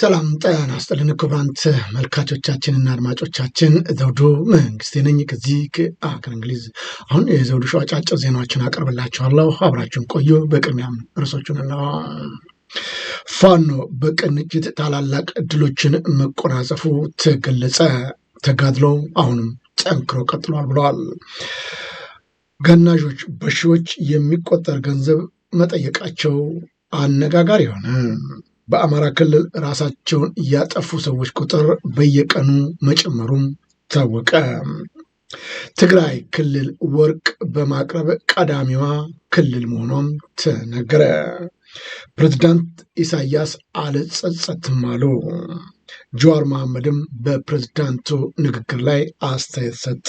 ሰላም ጤና ይስጥልን ክቡራን ተመልካቾቻችንና አድማጮቻችን ዘውዱ መንግስቴ ነኝ ከዚህ ከአገረ እንግሊዝ። አሁን የዘውዱ ሾው አጫጭር ዜናዎችን አቀርብላችኋለሁ፣ አብራችሁን ቆዩ። በቅድሚያም ርዕሶቹን እና ፋኖ በቅንጅት ታላላቅ ድሎችን መቆናጸፉ ተገለጸ። ተጋድሎ አሁንም ጠንክሮ ቀጥሏል ብለዋል። ገናዦች በሺዎች የሚቆጠር ገንዘብ መጠየቃቸው አነጋጋሪ ሆነ። በአማራ ክልል ራሳቸውን ያጠፉ ሰዎች ቁጥር በየቀኑ መጨመሩም ታወቀ። ትግራይ ክልል ወርቅ በማቅረብ ቀዳሚዋ ክልል መሆኗም ተነገረ። ፕሬዝዳንት ኢሳያስ አልጸጸትም አሉ። ጀዋር መሐመድም በፕሬዝዳንቱ ንግግር ላይ አስተያየት ሰጠ።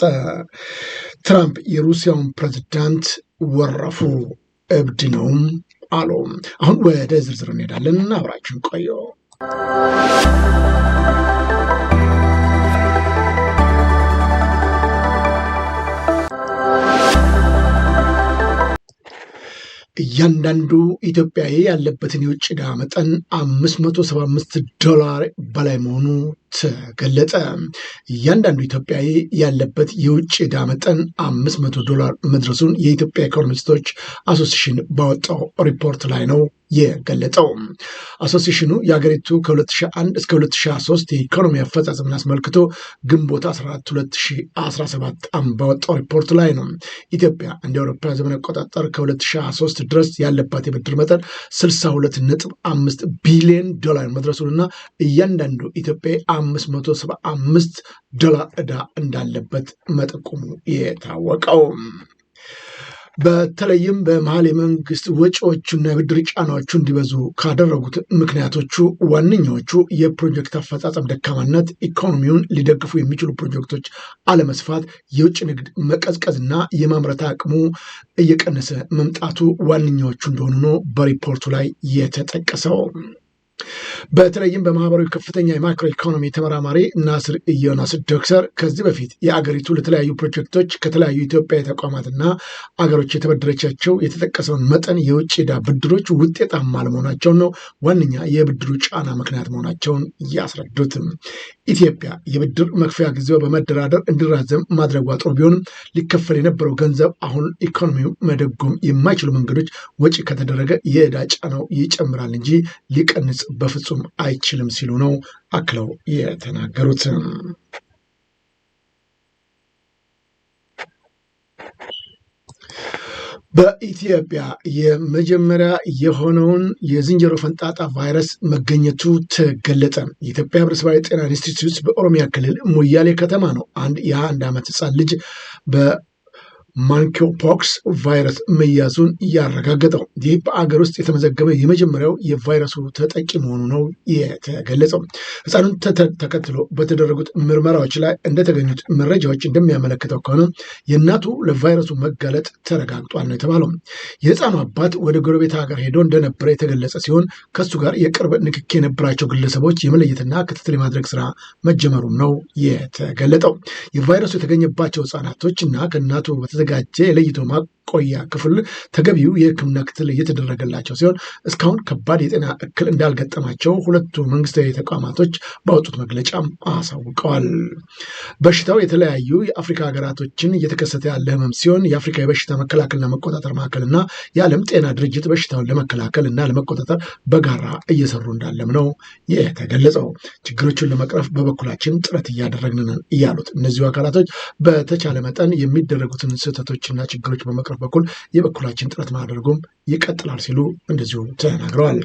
ትራምፕ የሩሲያውን ፕሬዝዳንት ወረፉ፣ እብድ ነውም አሉ። አሁን ወደ ዝርዝር እንሄዳለን። አብራችን ቆዩ። እያንዳንዱ ኢትዮጵያዊ ያለበትን የውጭ ዕዳ መጠን 575 ዶላር በላይ መሆኑ ተገለጠ። እያንዳንዱ ኢትዮጵያዊ ያለበት የውጭ ዕዳ መጠን አምስት መቶ ዶላር መድረሱን የኢትዮጵያ ኢኮኖሚስቶች አሶሲሽን ባወጣው ሪፖርት ላይ ነው የገለጠው። አሶሲሽኑ የሀገሪቱ ከ2001 እስከ 203 የኢኮኖሚ አፈጻጸምን አስመልክቶ ግንቦት 14 2017 ዓ.ም ባወጣው ሪፖርት ላይ ነው ኢትዮጵያ እንደ አውሮፓ ዘመን አቆጣጠር ከ2003 ድረስ ያለባት የብድር መጠን 62.5 ቢሊዮን ዶላር እና እያንዳንዱ ኢትዮጵያ 575 ዶላር ዕዳ እንዳለበት መጠቆሙ የታወቀው በተለይም በመሀል የመንግስት ወጪዎቹና የብድር ጫናዎቹ እንዲበዙ ካደረጉት ምክንያቶቹ ዋነኛዎቹ የፕሮጀክት አፈጻጸም ደካማነት፣ ኢኮኖሚውን ሊደግፉ የሚችሉ ፕሮጀክቶች አለመስፋት፣ የውጭ ንግድ መቀዝቀዝና የማምረት አቅሙ እየቀነሰ መምጣቱ ዋነኛዎቹ እንደሆኑ ነው በሪፖርቱ ላይ የተጠቀሰው። በተለይም በማህበራዊ ከፍተኛ የማክሮ ኢኮኖሚ ተመራማሪ ናስር ዮናስ ዶክተር ከዚህ በፊት የአገሪቱ ለተለያዩ ፕሮጀክቶች ከተለያዩ ኢትዮጵያ ተቋማትና አገሮች የተበደረቻቸው የተጠቀሰውን መጠን የውጭ ዕዳ ብድሮች ውጤታማ አለመሆናቸውን ነው ዋነኛ የብድሩ ጫና ምክንያት መሆናቸውን ያስረዱትም። ኢትዮጵያ የብድር መክፈያ ጊዜው በመደራደር እንዲራዘም ማድረጓ ጥሩ ቢሆንም ሊከፈል የነበረው ገንዘብ አሁን ኢኮኖሚው መደጎም የማይችሉ መንገዶች ወጪ ከተደረገ የዕዳ ጫናው ይጨምራል እንጂ ሊቀንስ በፍጹም አይችልም ሲሉ ነው አክለው የተናገሩት። በኢትዮጵያ የመጀመሪያ የሆነውን የዝንጀሮ ፈንጣጣ ቫይረስ መገኘቱ ተገለጠ። የኢትዮጵያ ህብረተሰባዊ ጤና ኢንስቲትዩት በኦሮሚያ ክልል ሞያሌ ከተማ ነው አንድ የአንድ ዓመት ህፃን ልጅ ማንኪዮፖክስ ቫይረስ መያዙን ያረጋገጠው። ይህ በአገር ውስጥ የተመዘገበ የመጀመሪያው የቫይረሱ ተጠቂ መሆኑ ነው የተገለጸው። ህፃኑን ተከትሎ በተደረጉት ምርመራዎች ላይ እንደተገኙት መረጃዎች እንደሚያመለክተው ከሆነ የእናቱ ለቫይረሱ መጋለጥ ተረጋግጧል ነው የተባለው። የህፃኑ አባት ወደ ጎረቤት ሀገር ሄዶ እንደነበረ የተገለጸ ሲሆን ከሱ ጋር የቅርብ ንክኪ የነበራቸው ግለሰቦች የመለየትና ክትትል የማድረግ ስራ መጀመሩም ነው የተገለጠው። የቫይረሱ የተገኘባቸው ህፃናቶች እና ከእናቱ የተዘጋጀ የለይቶ ማቆያ ክፍል ተገቢው የሕክምና ክትል እየተደረገላቸው ሲሆን እስካሁን ከባድ የጤና እክል እንዳልገጠማቸው ሁለቱ መንግስታዊ ተቋማቶች ባወጡት መግለጫም አሳውቀዋል። በሽታው የተለያዩ የአፍሪካ ሀገራቶችን እየተከሰተ ያለ ህመም ሲሆን የአፍሪካ የበሽታ መከላከልና መቆጣጠር ማዕከልና የዓለም ጤና ድርጅት በሽታውን ለመከላከል እና ለመቆጣጠር በጋራ እየሰሩ እንዳለም ነው የተገለጸው። ችግሮቹን ለመቅረፍ በበኩላችን ጥረት እያደረግን ነን እያሉት እነዚሁ አካላቶች በተቻለ መጠን የሚደረጉትን ስህተቶች ክፍተቶችና ችግሮች በመቅረፍ በኩል የበኩላችን ጥረት ማድረጉም ይቀጥላል ሲሉ እንደዚሁ ተናግረዋል።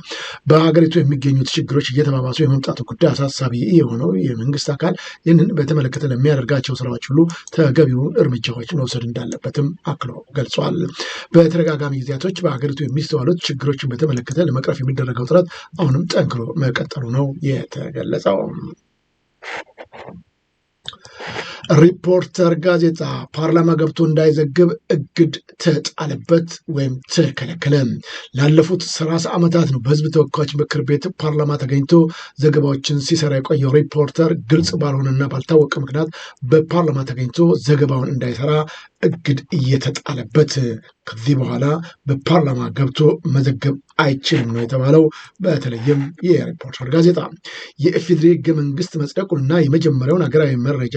በሀገሪቱ የሚገኙት ችግሮች እየተባባሱ የመምጣቱ ጉዳይ አሳሳቢ የሆነው የመንግስት አካል ይህንን በተመለከተ ለሚያደርጋቸው ስራዎች ሁሉ ተገቢውን እርምጃዎች መውሰድ እንዳለበትም አክሎ ገልጿል። በተደጋጋሚ ጊዜያቶች በሀገሪቱ የሚስተዋሉት ችግሮችን በተመለከተ ለመቅረፍ የሚደረገው ጥረት አሁንም ጠንክሮ መቀጠሉ ነው የተገለጸው። ሪፖርተር ጋዜጣ ፓርላማ ገብቶ እንዳይዘግብ እግድ ተጣለበት ወይም ተከለከለ። ላለፉት ሰላሳ ዓመታት ነው በህዝብ ተወካዮች ምክር ቤት ፓርላማ ተገኝቶ ዘገባዎችን ሲሰራ የቆየው ሪፖርተር ግልጽ ባልሆነና ባልታወቀ ምክንያት በፓርላማ ተገኝቶ ዘገባውን እንዳይሰራ እግድ እየተጣለበት ከዚህ በኋላ በፓርላማ ገብቶ መዘገብ አይችልም ነው የተባለው። በተለይም የሪፖርተር ጋዜጣ የኢፌዴሪ ህገ መንግስት መጽደቁንና የመጀመሪያውን ሀገራዊ መረጃ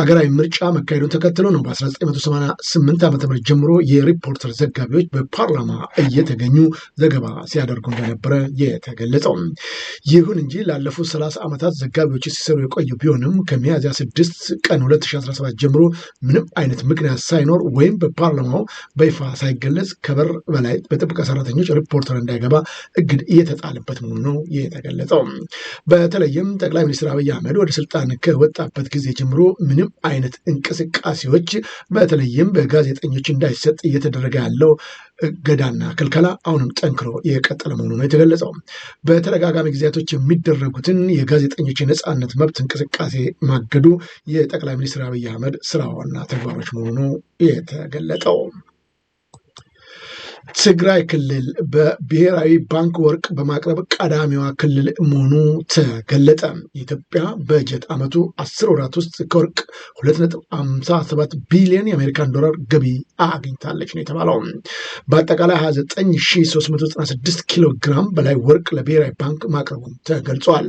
አገራዊ ምርጫ መካሄዱን ተከትሎ ነው በ1988 ዓ ም ጀምሮ የሪፖርተር ዘጋቢዎች በፓርላማ እየተገኙ ዘገባ ሲያደርጉ እንደነበረ የተገለጸው። ይሁን እንጂ ላለፉት 30 ዓመታት ዘጋቢዎች ሲሰሩ የቆዩ ቢሆንም ከሚያዝያ 6 ቀን 2017 ጀምሮ ምንም አይነት ምክንያት ሳይኖር ወይም በፓርላማው በይፋ ሳይገለጽ ከበር በላይ በጥበቃ ሰራተኞች ሪፖርተር እንዳይገባ እግድ እየተጣለበት መሆኑ ነው የተገለጸው። በተለይም ጠቅላይ ሚኒስትር አብይ አህመድ ወደ ስልጣን ከወጣበት ጊዜ ጀምሮ ምንም አይነት እንቅስቃሴዎች በተለይም በጋዜጠኞች እንዳይሰጥ እየተደረገ ያለው እገዳና ክልከላ አሁንም ጠንክሮ የቀጠለ መሆኑ ነው የተገለጸው። በተደጋጋሚ ጊዜያቶች የሚደረጉትን የጋዜጠኞች የነፃነት መብት እንቅስቃሴ ማገዱ የጠቅላይ ሚኒስትር አብይ አህመድ ስራዋና ተግባሮች መሆኑ የተገለጠው ትግራይ ክልል በብሔራዊ ባንክ ወርቅ በማቅረብ ቀዳሚዋ ክልል መሆኑ ተገለጠ። የኢትዮጵያ በጀት ዓመቱ አስር ወራት ውስጥ ከወርቅ 2.57 ቢሊዮን የአሜሪካን ዶላር ገቢ አግኝታለች ነው የተባለው። በአጠቃላይ 29396 ኪሎ ግራም በላይ ወርቅ ለብሔራዊ ባንክ ማቅረቡ ተገልጿል።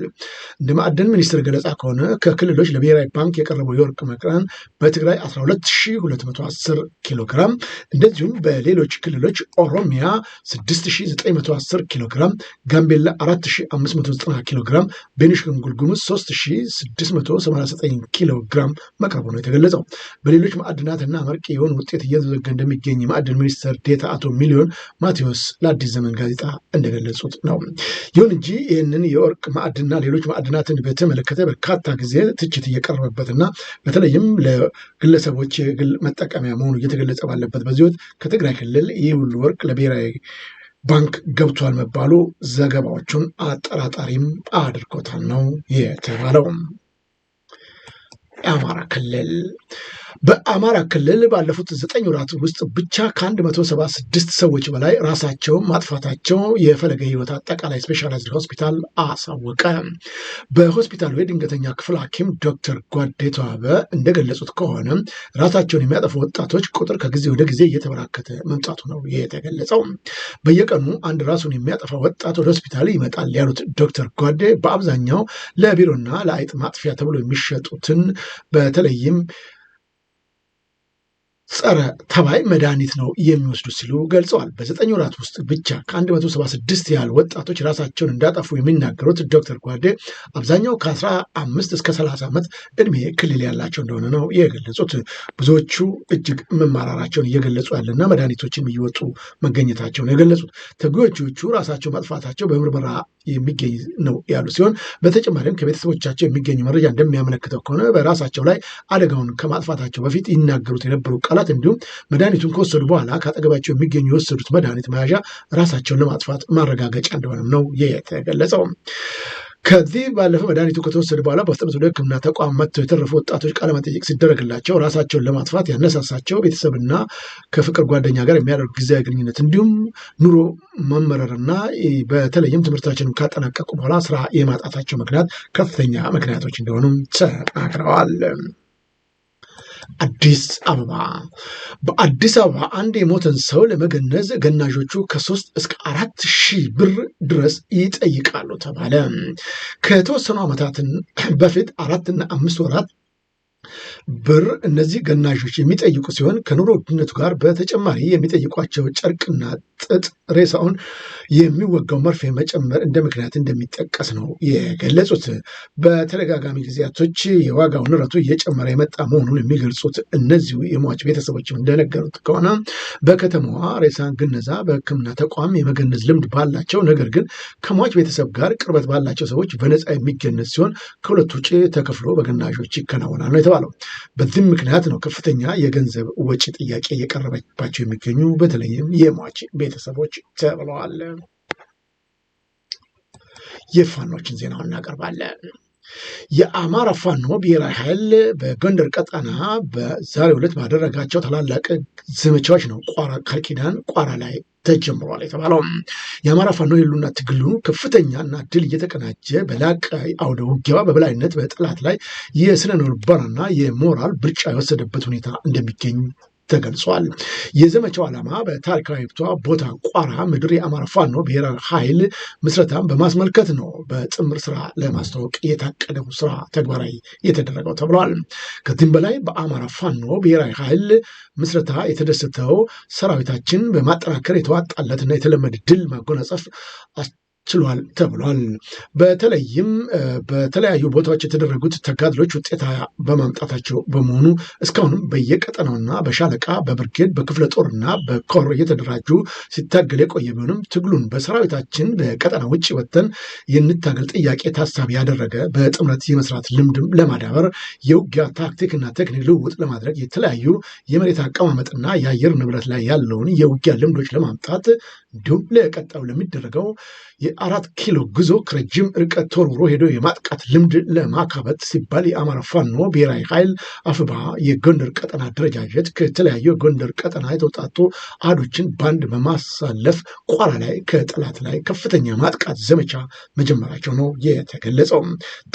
እንደ ማዕድን ሚኒስቴር ገለጻ ከሆነ ከክልሎች ለብሔራዊ ባንክ የቀረበው የወርቅ መቅረን በትግራይ 12210 ኪሎ ግራም እንደዚሁም በሌሎች ክልሎች ኦሮሚያ 6910 ኪሎ ግራም፣ ጋምቤላ 4590 ኪሎ ግራም፣ ቤኒሻንጉል ጉሙዝ 3689 ኪሎ ግራም መቅረቡ ነው የተገለጸው። በሌሎች ማዕድናትና መርቅ የሆን ውጤት እየተዘገ እንደሚገኝ የማዕድን ሚኒስትር ዴታ አቶ ሚሊዮን ማቴዎስ ለአዲስ ዘመን ጋዜጣ እንደገለጹት ነው። ይሁን እንጂ ይህንን የወርቅ ማዕድንና ሌሎች ማዕድናትን በተመለከተ በርካታ ጊዜ ትችት እየቀረበበትና በተለይም ለግለሰቦች የግል መጠቀሚያ መሆኑ እየተገለጸ ባለበት በዚህ ወቅት ከትግራይ ክልል ይህ ሁሉ ወርቅ ወርቅ ለብሔራዊ ባንክ ገብቷል መባሉ ዘገባዎቹን አጠራጣሪም አድርጎታል ነው የተባለው። የአማራ ክልል በአማራ ክልል ባለፉት ዘጠኝ ወራት ውስጥ ብቻ ከአንድ መቶ ሰባ ስድስት ሰዎች በላይ ራሳቸውን ማጥፋታቸው የፈለገ ህይወት አጠቃላይ ስፔሻላይዝድ ሆስፒታል አሳወቀ። በሆስፒታሉ የድንገተኛ ክፍል ሐኪም ዶክተር ጓዴ ተዋበ እንደገለጹት ከሆነ ራሳቸውን የሚያጠፉ ወጣቶች ቁጥር ከጊዜ ወደ ጊዜ እየተበራከተ መምጣቱ ነው የተገለጸው። በየቀኑ አንድ ራሱን የሚያጠፋ ወጣት ወደ ሆስፒታል ይመጣል ያሉት ዶክተር ጓዴ በአብዛኛው ለቢሮና ለአይጥ ማጥፊያ ተብሎ የሚሸጡትን በተለይም ጸረ ተባይ መድኃኒት ነው የሚወስዱ ሲሉ ገልጸዋል። በዘጠኝ ወራት ውስጥ ብቻ ከ176 ያህል ወጣቶች ራሳቸውን እንዳጠፉ የሚናገሩት ዶክተር ጓዴ አብዛኛው ከ15 እስከ 30 ዓመት እድሜ ክልል ያላቸው እንደሆነ ነው የገለጹት። ብዙዎቹ እጅግ መማራራቸውን እየገለጹ ያለና መድኃኒቶችን እየወጡ መገኘታቸው የገለጹት። ተጎጂዎቹ ራሳቸው ማጥፋታቸው በምርመራ የሚገኝ ነው ያሉ ሲሆን በተጨማሪም ከቤተሰቦቻቸው የሚገኝ መረጃ እንደሚያመለክተው ከሆነ በራሳቸው ላይ አደጋውን ከማጥፋታቸው በፊት ይናገሩት የነበሩ ቃል አካላት እንዲሁም መድኃኒቱን ከወሰዱ በኋላ ከአጠገባቸው የሚገኙ የወሰዱት መድኃኒት መያዣ ራሳቸውን ለማጥፋት ማረጋገጫ እንደሆነም ነው የተገለጸው። ከዚህ ባለፈ መድኃኒቱ ከተወሰደ በኋላ በፍጥነት ወደ ሕክምና ተቋም መጥተው የተረፉ ወጣቶች ቃለመጠይቅ ሲደረግላቸው ራሳቸውን ለማጥፋት ያነሳሳቸው ቤተሰብና ከፍቅር ጓደኛ ጋር የሚያደርግ ጊዜያዊ ግንኙነት እንዲሁም ኑሮ መመረርና በተለይም ትምህርታቸውን ካጠናቀቁ በኋላ ስራ የማጣታቸው ምክንያት ከፍተኛ ምክንያቶች እንደሆኑም ተናግረዋል። አዲስ አበባ በአዲስ አበባ አንድ የሞተን ሰው ለመገነዝ ገናዦቹ ከሶስት እስከ አራት ሺህ ብር ድረስ ይጠይቃሉ ተባለ። ከተወሰኑ ዓመታትን በፊት አራትና አምስት ወራት ብር እነዚህ ገናዦች የሚጠይቁ ሲሆን ከኑሮ ውድነቱ ጋር በተጨማሪ የሚጠይቋቸው ጨርቅና ጥጥ ሬሳውን የሚወጋው መርፌ መጨመር እንደ ምክንያት እንደሚጠቀስ ነው የገለጹት። በተደጋጋሚ ጊዜያቶች የዋጋው ንረቱ እየጨመረ የመጣ መሆኑን የሚገልጹት እነዚሁ የሟች ቤተሰቦች እንደነገሩት ከሆነ በከተማዋ ሬሳ ግነዛ በሕክምና ተቋም የመገነዝ ልምድ ባላቸው ነገር ግን ከሟች ቤተሰብ ጋር ቅርበት ባላቸው ሰዎች በነፃ የሚገነዝ ሲሆን ከሁለት ውጭ ተከፍሎ በገናዦች ይከናወናል ነው የተባለው። በዚህም ምክንያት ነው ከፍተኛ የገንዘብ ወጪ ጥያቄ እየቀረበባቸው የሚገኙ በተለይም የሟች ቤተሰቦች ተብለዋል። የፋኖችን ዜናው እናቀርባለን። የአማራ ፋኖ ብሔራዊ ኃይል በጎንደር ቀጠና በዛሬው ዕለት ባደረጋቸው ታላላቅ ዘመቻዎች ነው ቋራ ቋራ ላይ ተጀምሯል የተባለው የአማራ ፋኖ የሉና ትግሉ እና ድል እየተቀናጀ በላቀ አውደ ውጊያ በበላይነት በጠላት ላይ የስነ ልቦናና የሞራል ብልጫ የወሰደበት ሁኔታ እንደሚገኝ ተገልጿል። የዘመቻው ዓላማ በታሪካዊቷ ቦታ ቋራ ምድር የአማራ ፋኖ ብሔራዊ ኃይል ምስረታን በማስመልከት ነው። በጥምር ስራ ለማስተዋወቅ የታቀደው ስራ ተግባራዊ የተደረገው ተብሏል። ከዚህም በላይ በአማራ ፋኖ ብሔራዊ ኃይል ምስረታ የተደሰተው ሰራዊታችን በማጠናከር የተዋጣለትና የተለመደ ድል ማጎናጸፍ ችሏል ተብሏል። በተለይም በተለያዩ ቦታዎች የተደረጉት ተጋድሎች ውጤታ በማምጣታቸው በመሆኑ እስካሁንም በየቀጠናውና በሻለቃ በብርጌድ በክፍለ ጦርና በኮር እየተደራጁ ሲታገል የቆየ ቢሆንም ትግሉን በሰራዊታችን በቀጠና ውጭ ወጥተን የንታገል ጥያቄ ታሳቢ ያደረገ በጥምረት የመስራት ልምድም ለማዳበር የውጊያ ታክቲክና ቴክኒክ ልውውጥ ለማድረግ የተለያዩ የመሬት አቀማመጥና የአየር ንብረት ላይ ያለውን የውጊያ ልምዶች ለማምጣት እንዲሁም ለቀጣዩ ለሚደረገው የአራት ኪሎ ጉዞ ከረጅም ርቀት ተወርውሮ ሄዶ የማጥቃት ልምድ ለማካበት ሲባል የአማራ ፋኖ ብሔራዊ ኃይል አፍባ የጎንደር ቀጠና አደረጃጀት ከተለያዩ የጎንደር ቀጠና የተውጣጡ አህዶችን ባንድ በማሳለፍ ቋራ ላይ ከጠላት ላይ ከፍተኛ ማጥቃት ዘመቻ መጀመራቸው ነው የተገለጸው።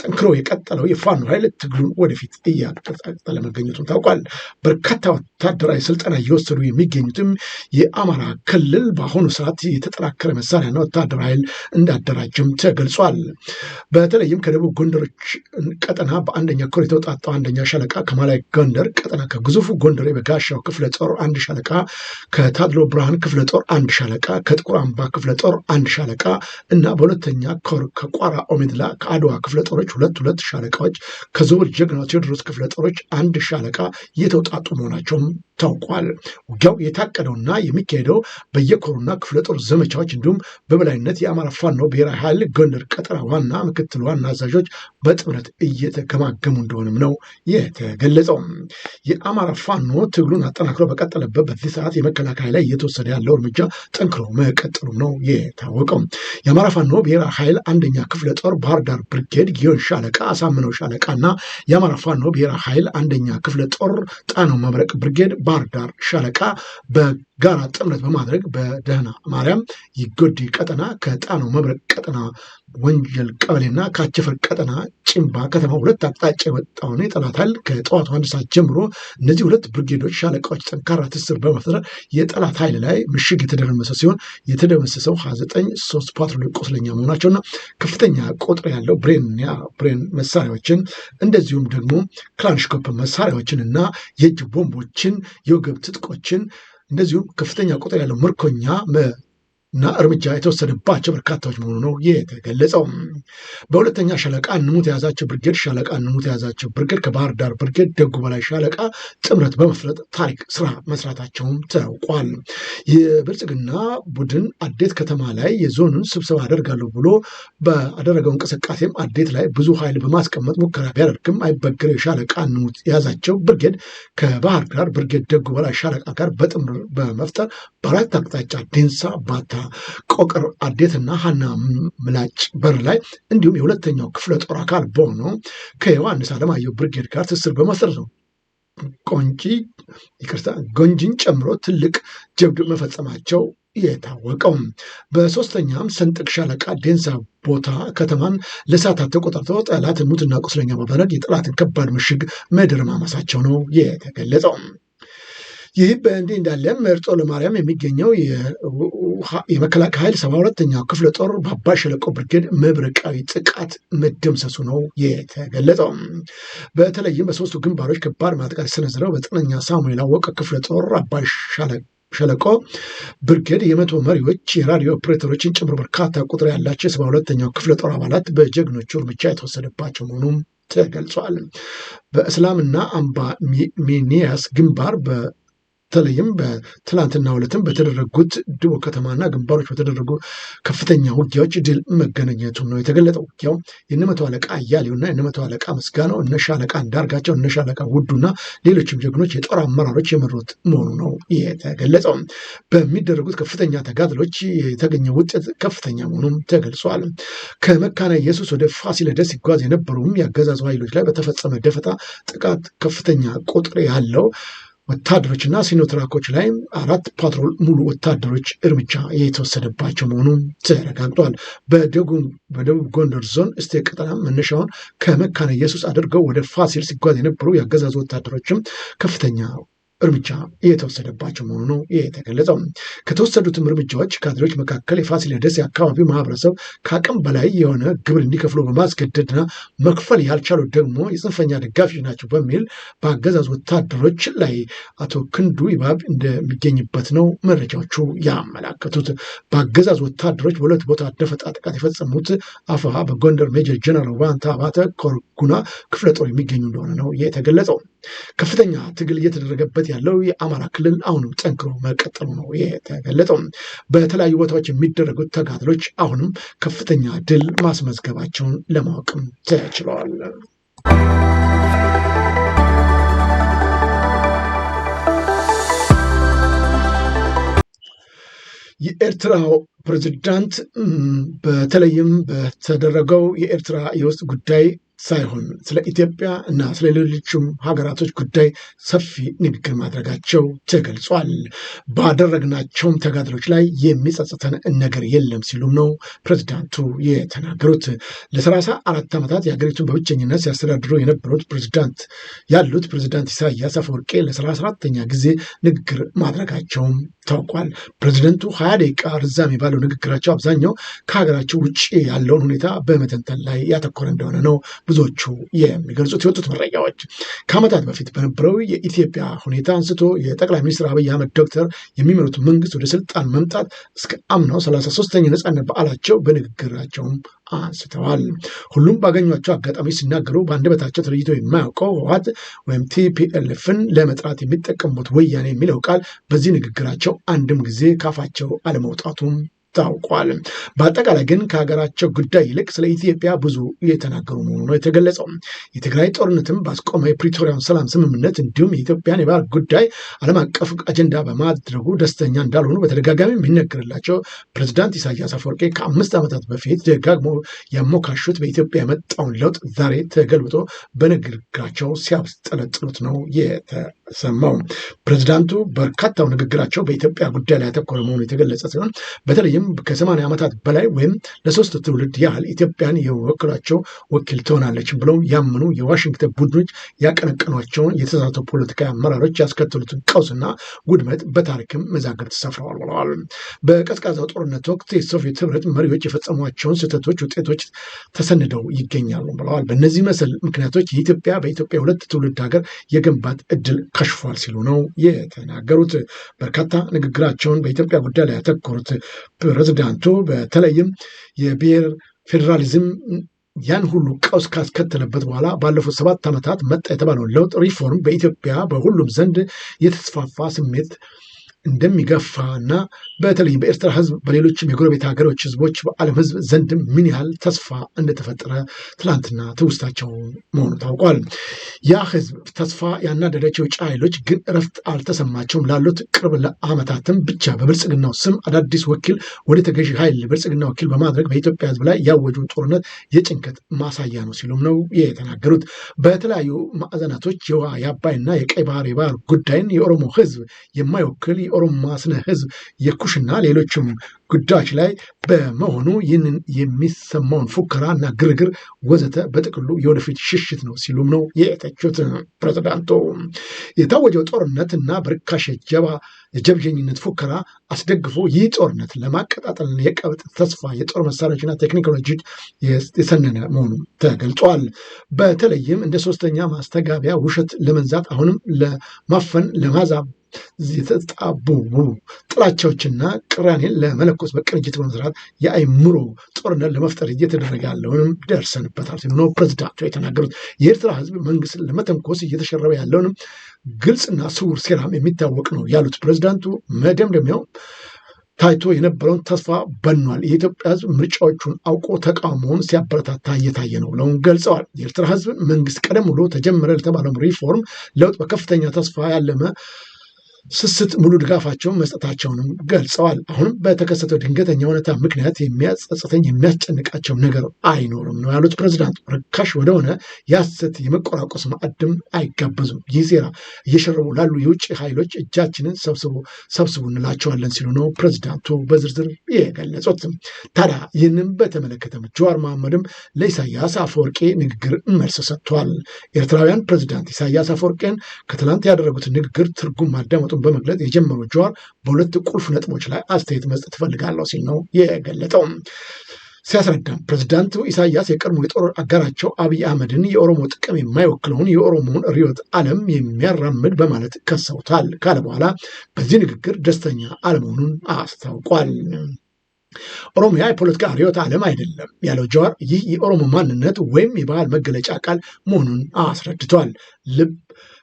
ጠንክሮ የቀጠለው የፋኖ ኃይል ትግሉን ወደፊት እያቀጣጠለ መገኘቱም ታውቋል። በርካታ ወታደራዊ ስልጠና እየወሰዱ የሚገኙትም የአማራ ክልል በአሁኑ ሰዓት ለማጥፋት የተጠናከረ መሳሪያና ወታደር ኃይል እንዳደራጅም ተገልጿል። በተለይም ከደቡብ ጎንደሮች ቀጠና በአንደኛ ኮር የተውጣጣው አንደኛ ሻለቃ ከማላይ ጎንደር ቀጠና ከግዙፉ ጎንደር በጋሻው ክፍለ ጦር አንድ ሻለቃ፣ ከታድሎ ብርሃን ክፍለ ጦር አንድ ሻለቃ፣ ከጥቁር አምባ ክፍለ ጦር አንድ ሻለቃ እና በሁለተኛ ኮር ከቋራ ኦሜድላ ከአድዋ ክፍለ ጦሮች ሁለት ሁለት ሻለቃዎች ከዞብል ጀግናው ቴዎድሮስ ክፍለ ጦሮች አንድ ሻለቃ የተውጣጡ መሆናቸውም ታውቋል። ውጊያው የታቀደውና የሚካሄደው በየኮሩና ክፍለ ጦር ዘመቻዎች እንዲሁም በበላይነት የአማራ ፋኖ ብሔራዊ ኃይል ጎንደር ቀጠና ዋና ምክትል ዋና አዛዦች በጥምረት እየተገማገሙ እንደሆነም ነው የተገለጸው። የአማራ ፋኖ ትግሉን አጠናክሮ በቀጠለበት በዚህ ሰዓት የመከላከያ ላይ እየተወሰደ ያለው እርምጃ ጠንክሮ መቀጠሉ ነው የታወቀው። የአማራ ፋኖ ብሔራዊ ኃይል አንደኛ ክፍለ ጦር ባህር ዳር ብርጌድ ጊዮን ሻለቃ፣ አሳምነው ሻለቃ እና የአማራ ፋኖ ብሔራዊ ኃይል አንደኛ ክፍለ ጦር ጣነው መብረቅ ብርጌድ ባህር ዳር ሻለቃ በጋራ ጥምረት በማድረግ በደህና ማርያም ይጎዴ ቀጠና ከጣናው መብረቅ ቀጠና ወንጀል ቀበሌና ከአቸፈር ቀጠና ጭንባ ከተማ ሁለት አቅጣጫ የወጣውን የጠላት ኃይል ከጠዋቱ አንድ ሰዓት ጀምሮ እነዚህ ሁለት ብርጌዶች ሻለቃዎች ጠንካራ ትስር በመፍጠር የጠላት ኃይል ላይ ምሽግ የተደረመሰ ሲሆን የተደመሰሰው ሀያ ዘጠኝ ሶስት ፓትሮሎች ቁስለኛ መሆናቸውና ከፍተኛ ቁጥር ያለው ብሬንያ ብሬን መሳሪያዎችን እንደዚሁም ደግሞ ክላንሽኮፕ መሳሪያዎችን እና የእጅ ቦምቦችን የወገብ ትጥቆችን እንደዚሁም ከፍተኛ ቁጥር ያለው ምርኮኛ እና እርምጃ የተወሰደባቸው በርካታዎች መሆኑ ነው የተገለጸው። በሁለተኛ ሻለቃ ንሙት የያዛቸው ብርጌድ ሻለቃ ንሙት የያዛቸው ብርጌድ ከባህር ዳር ብርጌድ ደጉ በላይ ሻለቃ ጥምረት በመፍረጥ ታሪክ ስራ መስራታቸውም ታውቋል። የብልጽግና ቡድን አዴት ከተማ ላይ የዞኑን ስብሰባ አደርጋለሁ ብሎ በአደረገው እንቅስቃሴም አዴት ላይ ብዙ ኃይል በማስቀመጥ ሙከራ ቢያደርግም አይበገሬው የሻለቃ ንሙት የያዛቸው ብርጌድ ከባህር ዳር ብርጌድ ደጉ በላይ ሻለቃ ጋር በጥምር በመፍጠር በአራት አቅጣጫ ዴንሳ፣ ባታ፣ ቆቀር፣ አዴትና ሀና ምላጭ በር ላይ እንዲሁም የሁለተኛው ክፍለ ጦር አካል በሆነው ከዮሐንስ አለማየሁ ብርጌድ ጋር ትስስር በማስረት ነው ቆንጂ ይቅርታ ጎንጂን ጨምሮ ትልቅ ጀብድ መፈጸማቸው የታወቀው በሶስተኛም ሰንጥቅ ሻለቃ ዴንሳ ቦታ ከተማን ለሰዓታት ተቆጣጥሮ ጠላትን ሙትና ቁስለኛ ማበረድ የጠላትን ከባድ ምሽግ መደረማመሳቸው ነው የተገለጸው። ይህ በእንዲህ እንዳለ መርጦ ለማርያም የሚገኘው የመከላከያ ኃይል ሰባ ሁለተኛው ክፍለ ጦር በአባ ሸለቆ ብርጌድ መብረቃዊ ጥቃት መደምሰሱ ነው የተገለጠው። በተለይም በሶስቱ ግንባሮች ከባድ ማጥቃት የሰነዘረው በጥነኛ ሳሙኤል አወቀ ክፍለ ጦር አባ ሸለቆ ብርጌድ የመቶ መሪዎች የራዲዮ ኦፕሬተሮችን ጭምር በርካታ ቁጥር ያላቸው የሰባ ሁለተኛው ክፍለ ጦር አባላት በጀግኖቹ እርምጃ የተወሰደባቸው መሆኑም ተገልጿል። በእስላምና አምባ ሚኒያስ ግንባር በተለይም በትላንትና ዕለትም በተደረጉት ድቦ ከተማና ግንባሮች በተደረጉ ከፍተኛ ውጊያዎች ድል መገናኘቱን ነው የተገለጠው። ውጊያው የነ መቶ አለቃ አያሌውና የነ መቶ አለቃ ምስጋናው፣ እነ ሻለቃ እንዳርጋቸው፣ እነ ሻለቃ ውዱና ሌሎችም ጀግኖች የጦር አመራሮች የመሩት መሆኑ ነው የተገለጸው። በሚደረጉት ከፍተኛ ተጋድሎች የተገኘ ውጤት ከፍተኛ መሆኑም ተገልጿል። ከመካነ ኢየሱስ ወደ ፋሲለደስ ሲጓዝ የነበሩም የአገዛዙ ኃይሎች ላይ በተፈጸመ ደፈጣ ጥቃት ከፍተኛ ቁጥር ያለው ወታደሮችና ሲኖትራኮች ላይም አራት ፓትሮል ሙሉ ወታደሮች እርምጃ የተወሰደባቸው መሆኑን ተረጋግጧል። በደቡብ ጎንደር ዞን እስቴ ቀጠና መነሻውን ከመካነ ኢየሱስ አድርገው ወደ ፋሲል ሲጓዝ የነበሩ የአገዛዙ ወታደሮችም ከፍተኛ እርምጃ እየተወሰደባቸው መሆኑ ነው የተገለጸው። ከተወሰዱትም እርምጃዎች ካድሬዎች መካከል የፋሲለደስ የአካባቢው ማህበረሰብ ከአቅም በላይ የሆነ ግብር እንዲከፍሉ በማስገደድና መክፈል ያልቻሉ ደግሞ የጽንፈኛ ደጋፊዎች ናቸው በሚል በአገዛዝ ወታደሮች ላይ አቶ ክንዱ ይባብ እንደሚገኝበት ነው መረጃዎቹ ያመላከቱት። በአገዛዝ ወታደሮች በሁለት ቦታ ደፈጣ ጥቃት የፈጸሙት አፋ በጎንደር ሜጀር ጀነራል ባንታ አባተ ኮርጉና ክፍለ ጦር የሚገኙ እንደሆነ ነው የተገለጸው። ከፍተኛ ትግል እየተደረገበት ያለው የአማራ ክልል አሁንም ጠንክሮ መቀጠሉ ነው የተገለጠው። በተለያዩ ቦታዎች የሚደረጉት ተጋድሎች አሁንም ከፍተኛ ድል ማስመዝገባቸውን ለማወቅም ተችለዋል። የኤርትራው ፕሬዚዳንት በተለይም በተደረገው የኤርትራ የውስጥ ጉዳይ ሳይሆን ስለ ኢትዮጵያ እና ስለ ሌሎችም ሀገራቶች ጉዳይ ሰፊ ንግግር ማድረጋቸው ተገልጿል። ባደረግናቸውም ተጋድሎች ላይ የሚጸጽተን ነገር የለም ሲሉም ነው ፕሬዚዳንቱ የተናገሩት። ለሰላሳ አራት ዓመታት የሀገሪቱን በብቸኝነት ሲያስተዳድሩ የነበሩት ፕሬዚዳንት ያሉት ፕሬዚዳንት ኢሳያስ አፈወርቄ ለሰላሳ አራተኛ ጊዜ ንግግር ማድረጋቸውም ታውቋል። ፕሬዚደንቱ ሀያ ደቂቃ ርዛሜ ባለው ንግግራቸው አብዛኛው ከሀገራቸው ውጭ ያለውን ሁኔታ በመተንተን ላይ ያተኮረ እንደሆነ ነው ብዙዎቹ የሚገልጹት የወጡት መረጃዎች ከዓመታት በፊት በነበረው የኢትዮጵያ ሁኔታ አንስቶ የጠቅላይ ሚኒስትር አብይ አህመድ ዶክተር የሚመሩት መንግስት ወደ ስልጣን መምጣት እስከ አምናው ሰላሳ ሶስተኛ ነጻነት በዓላቸው በንግግራቸውም አንስተዋል። ሁሉም ባገኟቸው አጋጣሚ ሲናገሩ በአንደበታቸው ተለይቶ የማያውቀው ህወሓት ወይም ቲፒኤልኤፍን ለመጥራት የሚጠቀሙት ወያኔ የሚለው ቃል በዚህ ንግግራቸው አንድም ጊዜ ካፋቸው አለመውጣቱም ታውቋል። በአጠቃላይ ግን ከሀገራቸው ጉዳይ ይልቅ ስለ ኢትዮጵያ ብዙ የተናገሩ መሆኑ ነው የተገለጸው። የትግራይ ጦርነትም ባስቆመ የፕሪቶሪያን ሰላም ስምምነት እንዲሁም የኢትዮጵያን የባህር ጉዳይ ዓለም አቀፍ አጀንዳ በማድረጉ ደስተኛ እንዳልሆኑ በተደጋጋሚ የሚነገርላቸው ፕሬዚዳንት ኢሳያስ አፈወርቄ ከአምስት ዓመታት በፊት ደጋግሞ ያሞካሹት በኢትዮጵያ የመጣውን ለውጥ ዛሬ ተገልብጦ በንግግራቸው ሲያስጠለጥሉት ነው የተ ሰማው። ፕሬዚዳንቱ በርካታው ንግግራቸው በኢትዮጵያ ጉዳይ ላይ ያተኮረ መሆኑ የተገለጸ ሲሆን በተለይም ከሰማንያ ዓመታት በላይ ወይም ለሶስት ትውልድ ያህል ኢትዮጵያን የወክሏቸው ወኪል ትሆናለች ብለው ያምኑ የዋሽንግተን ቡድኖች ያቀነቀኗቸውን የተሳሳተ ፖለቲካ አመራሮች ያስከተሉትን ቀውስና ውድመት በታሪክም መዛግብት ሰፍረዋል ብለዋል። በቀዝቃዛው ጦርነት ወቅት የሶቪየት ህብረት መሪዎች የፈጸሟቸውን ስህተቶች ውጤቶች ተሰንደው ይገኛሉ ብለዋል። በእነዚህ መሰል ምክንያቶች የኢትዮጵያ በኢትዮጵያ ሁለት ትውልድ ሀገር የገንባት እድል ከሽፏል ሲሉ ነው የተናገሩት። በርካታ ንግግራቸውን በኢትዮጵያ ጉዳይ ላይ ያተኮሩት ፕሬዚዳንቱ በተለይም የብሔር ፌዴራሊዝም ያን ሁሉ ቀውስ ካስከተለበት በኋላ ባለፉት ሰባት ዓመታት መጣ የተባለውን ለውጥ ሪፎርም በኢትዮጵያ በሁሉም ዘንድ የተስፋፋ ስሜት እንደሚገፋና በተለይም በኤርትራ ህዝብ በሌሎችም የጎረቤት ሀገሮች ህዝቦች በዓለም ህዝብ ዘንድ ምን ያህል ተስፋ እንደተፈጠረ ትላንትና ትውስታቸው መሆኑ ታውቋል። ያ ህዝብ ተስፋ ያናደዳቸው የውጭ ኃይሎች ግን እረፍት አልተሰማቸውም። ላሉት ቅርብ ለአመታትም ብቻ በብልጽግናው ስም አዳዲስ ወኪል ወደ ተገዢ ኃይል ብልጽግና ወኪል በማድረግ በኢትዮጵያ ህዝብ ላይ ያወጁን ጦርነት የጭንቀት ማሳያ ነው ሲሉም ነው የተናገሩት። በተለያዩ ማዕዘናቶች የውሃ የአባይና የቀይ ባህር የባህር ጉዳይን የኦሮሞ ህዝብ የማይወክል ስነ ህዝብ የኩሽና ሌሎችም ጉዳዮች ላይ በመሆኑ ይህንን የሚሰማውን ፉከራ እና ግርግር ወዘተ በጥቅሉ የወደፊት ሽሽት ነው ሲሉም ነው የተቹት። ፕሬዚዳንቱ የታወጀው ጦርነትና በርካሽ የጀባ የጀብጀኝነት ፉከራ አስደግፎ ይህ ጦርነት ለማቀጣጠል የቀብጥ ተስፋ የጦር መሳሪያዎችና ቴክኖሎጂ የሰነነ መሆኑ ተገልጿል። በተለይም እንደ ሶስተኛ ማስተጋቢያ ውሸት ለመንዛት አሁንም ለማፈን ለማዛብ የተጣበቡ ጥላቻዎችና ቅራኔን ለመለኮስ በቅንጅት በመስራት የአይምሮ ጦርነት ለመፍጠር እየተደረገ ያለውንም ደርሰንበታል ሲሉ ነው ፕሬዚዳንቱ የተናገሩት። የኤርትራ ህዝብ መንግስትን ለመተንኮስ እየተሸረበ ያለውንም ግልጽና ስውር ሴራም የሚታወቅ ነው ያሉት ፕሬዚዳንቱ መደምደሚያው ታይቶ የነበረውን ተስፋ በኗል። የኢትዮጵያ ህዝብ ምርጫዎቹን አውቆ ተቃውሞውን ሲያበረታታ እየታየ ነው ብለውን ገልጸዋል። የኤርትራ ህዝብ መንግስት ቀደም ብሎ ተጀመረ ለተባለው ሪፎርም ለውጥ በከፍተኛ ተስፋ ያለመ ስስት ሙሉ ድጋፋቸውን መስጠታቸውንም ገልጸዋል። አሁንም በተከሰተው ድንገተኛ ሁኔታ ምክንያት የሚያጸጽተኝ የሚያስጨንቃቸው ነገር አይኖርም ነው ያሉት ፕሬዚዳንቱ። ርካሽ ወደሆነ የሐሰት የመቆራቆስ ማዕድም አይጋበዙም። ይህ ዜራ እየሸረቡ ላሉ የውጭ ኃይሎች እጃችንን ሰብስቡ እንላቸዋለን ሲሉ ነው ፕሬዚዳንቱ በዝርዝር የገለጹት። ታዲያ ይህንም በተመለከተ ጀዋር መሐመድም ለኢሳያስ አፈወርቄ ንግግር መልስ ሰጥቷል። ኤርትራውያን ፕሬዚዳንት ኢሳያስ አፈወርቄን ከትላንት ያደረጉት ንግግር ትርጉም ማዳመጡ መቆራረጡን በመግለጽ የጀመረው ጀዋር በሁለት ቁልፍ ነጥቦች ላይ አስተያየት መስጠት እፈልጋለሁ ሲል ነው የገለጠው። ሲያስረዳም ፕሬዚዳንቱ ኢሳያስ የቀድሞ የጦር አጋራቸው አብይ አህመድን የኦሮሞ ጥቅም የማይወክለውን የኦሮሞን ርዕዮተ ዓለም የሚያራምድ በማለት ከሰውታል ካለ በኋላ በዚህ ንግግር ደስተኛ አለመሆኑን አስታውቋል። ኦሮሚያ የፖለቲካ ርዕዮተ ዓለም አይደለም ያለው ጀዋር ይህ የኦሮሞ ማንነት ወይም የባህል መገለጫ ቃል መሆኑን አስረድቷል። ልብ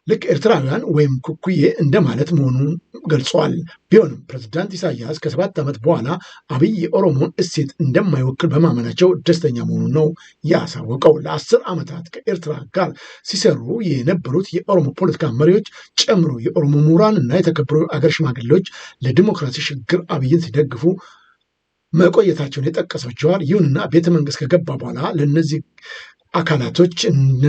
ልክ ኤርትራውያን ወይም ኩኩዬ እንደማለት መሆኑን ገልጸዋል። ቢሆንም ፕሬዝዳንት ኢሳያስ ከሰባት ዓመት በኋላ አብይ የኦሮሞን እሴት እንደማይወክል በማመናቸው ደስተኛ መሆኑን ነው ያሳወቀው። ለአስር ዓመታት ከኤርትራ ጋር ሲሰሩ የነበሩት የኦሮሞ ፖለቲካ መሪዎች ጨምሮ የኦሮሞ ምሁራን እና የተከበሩ አገር ሽማግሌዎች ለዲሞክራሲ ሽግግር አብይን ሲደግፉ መቆየታቸውን የጠቀሰው ጀዋር ይሁንና ቤተ መንግስት ከገባ በኋላ ለነዚህ አካላቶች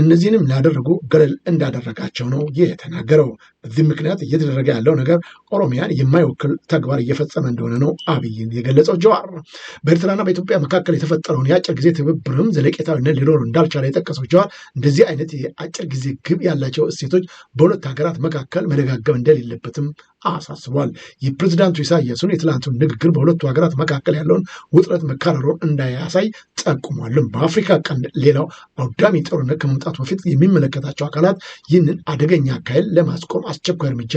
እነዚህንም ላደረጉ ገለል እንዳደረጋቸው ነው የተናገረው። በዚህ ምክንያት እየተደረገ ያለው ነገር ኦሮሚያን የማይወክል ተግባር እየፈጸመ እንደሆነ ነው አብይን የገለጸው። ጀዋር በኤርትራና በኢትዮጵያ መካከል የተፈጠረውን የአጭር ጊዜ ትብብርም ዘለቄታዊነት ሊኖር እንዳልቻለ የጠቀሰው ጀዋር እንደዚህ አይነት የአጭር ጊዜ ግብ ያላቸው እሴቶች በሁለት ሀገራት መካከል መደጋገም እንደሌለበትም አሳስቧል። የፕሬዚዳንቱ ኢሳያስን የትላንቱን ንግግር በሁለቱ ሀገራት መካከል ያለውን ውጥረት መካረሩን እንዳያሳይ ጠቁሟልም። በአፍሪካ ቀንድ ሌላው በአውዳሚ ጦርነት ከመምጣቱ በፊት የሚመለከታቸው አካላት ይህንን አደገኛ አካሄድ ለማስቆም አስቸኳይ እርምጃ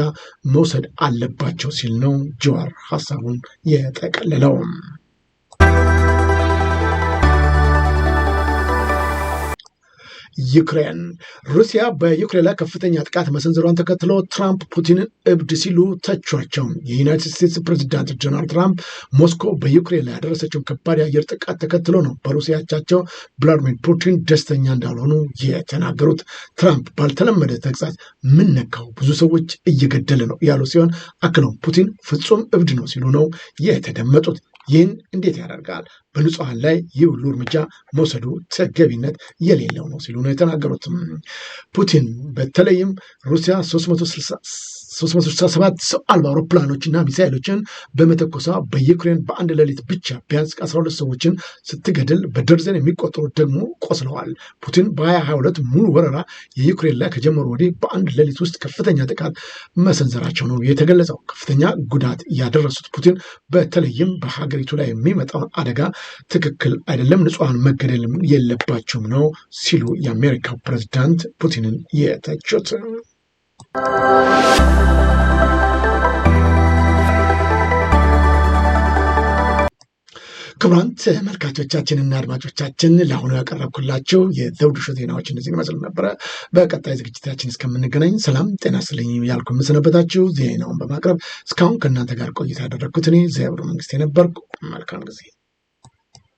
መውሰድ አለባቸው ሲል ነው ጀዋር ሀሳቡን የጠቀለለው። ዩክሬን ሩሲያ በዩክሬን ላይ ከፍተኛ ጥቃት መሰንዘሯን ተከትሎ ትራምፕ ፑቲንን እብድ ሲሉ ተቿቸው። የዩናይትድ ስቴትስ ፕሬዚዳንት ዶናልድ ትራምፕ ሞስኮ በዩክሬን ላይ ያደረሰችውን ከባድ የአየር ጥቃት ተከትሎ ነው በሩሲያቻቸው ብላድሚር ቭላድሚር ፑቲን ደስተኛ እንዳልሆኑ የተናገሩት። ትራምፕ ባልተለመደ ተግሳጽ ምን ነካው ብዙ ሰዎች እየገደለ ነው ያሉ ሲሆን አክለው ፑቲን ፍጹም እብድ ነው ሲሉ ነው የተደመጡት። ይህን እንዴት ያደርጋል? በንጹሐን ላይ ይህ ሁሉ እርምጃ መውሰዱ ተገቢነት የሌለው ነው ሲሉ ነው የተናገሩት። ፑቲን በተለይም ሩሲያ 367 ሰው አልባ አውሮፕላኖችና ሚሳይሎችን በመተኮሷ በዩክሬን በአንድ ሌሊት ብቻ ቢያንስ 12 ሰዎችን ስትገድል በደርዘን የሚቆጠሩ ደግሞ ቆስለዋል። ፑቲን በ2022 ሙሉ ወረራ የዩክሬን ላይ ከጀመሩ ወዲህ በአንድ ሌሊት ውስጥ ከፍተኛ ጥቃት መሰንዘራቸው ነው የተገለጸው። ከፍተኛ ጉዳት ያደረሱት ፑቲን በተለይም በሀገሪቱ ላይ የሚመጣውን አደጋ ትክክል አይደለም፣ ንጹሐን መገደልም የለባቸውም ነው ሲሉ የአሜሪካው ፕሬዚዳንት ፑቲንን የተቹት ክቡራን ተመልካቾቻችንና አድማጮቻችን ለአሁኑ ያቀረብኩላቸው የዘውዱ ሾው ዜናዎች እነዚህ ይመስል ነበረ። በቀጣይ ዝግጅታችን እስከምንገናኝ ሰላም ጤና ስልኝ ያልኩ የምሰነበታችሁ ዜናውን በማቅረብ እስካሁን ከእናንተ ጋር ቆይታ ያደረግኩት እኔ ዘውዱ መንግስት የነበርኩ መልካም ጊዜ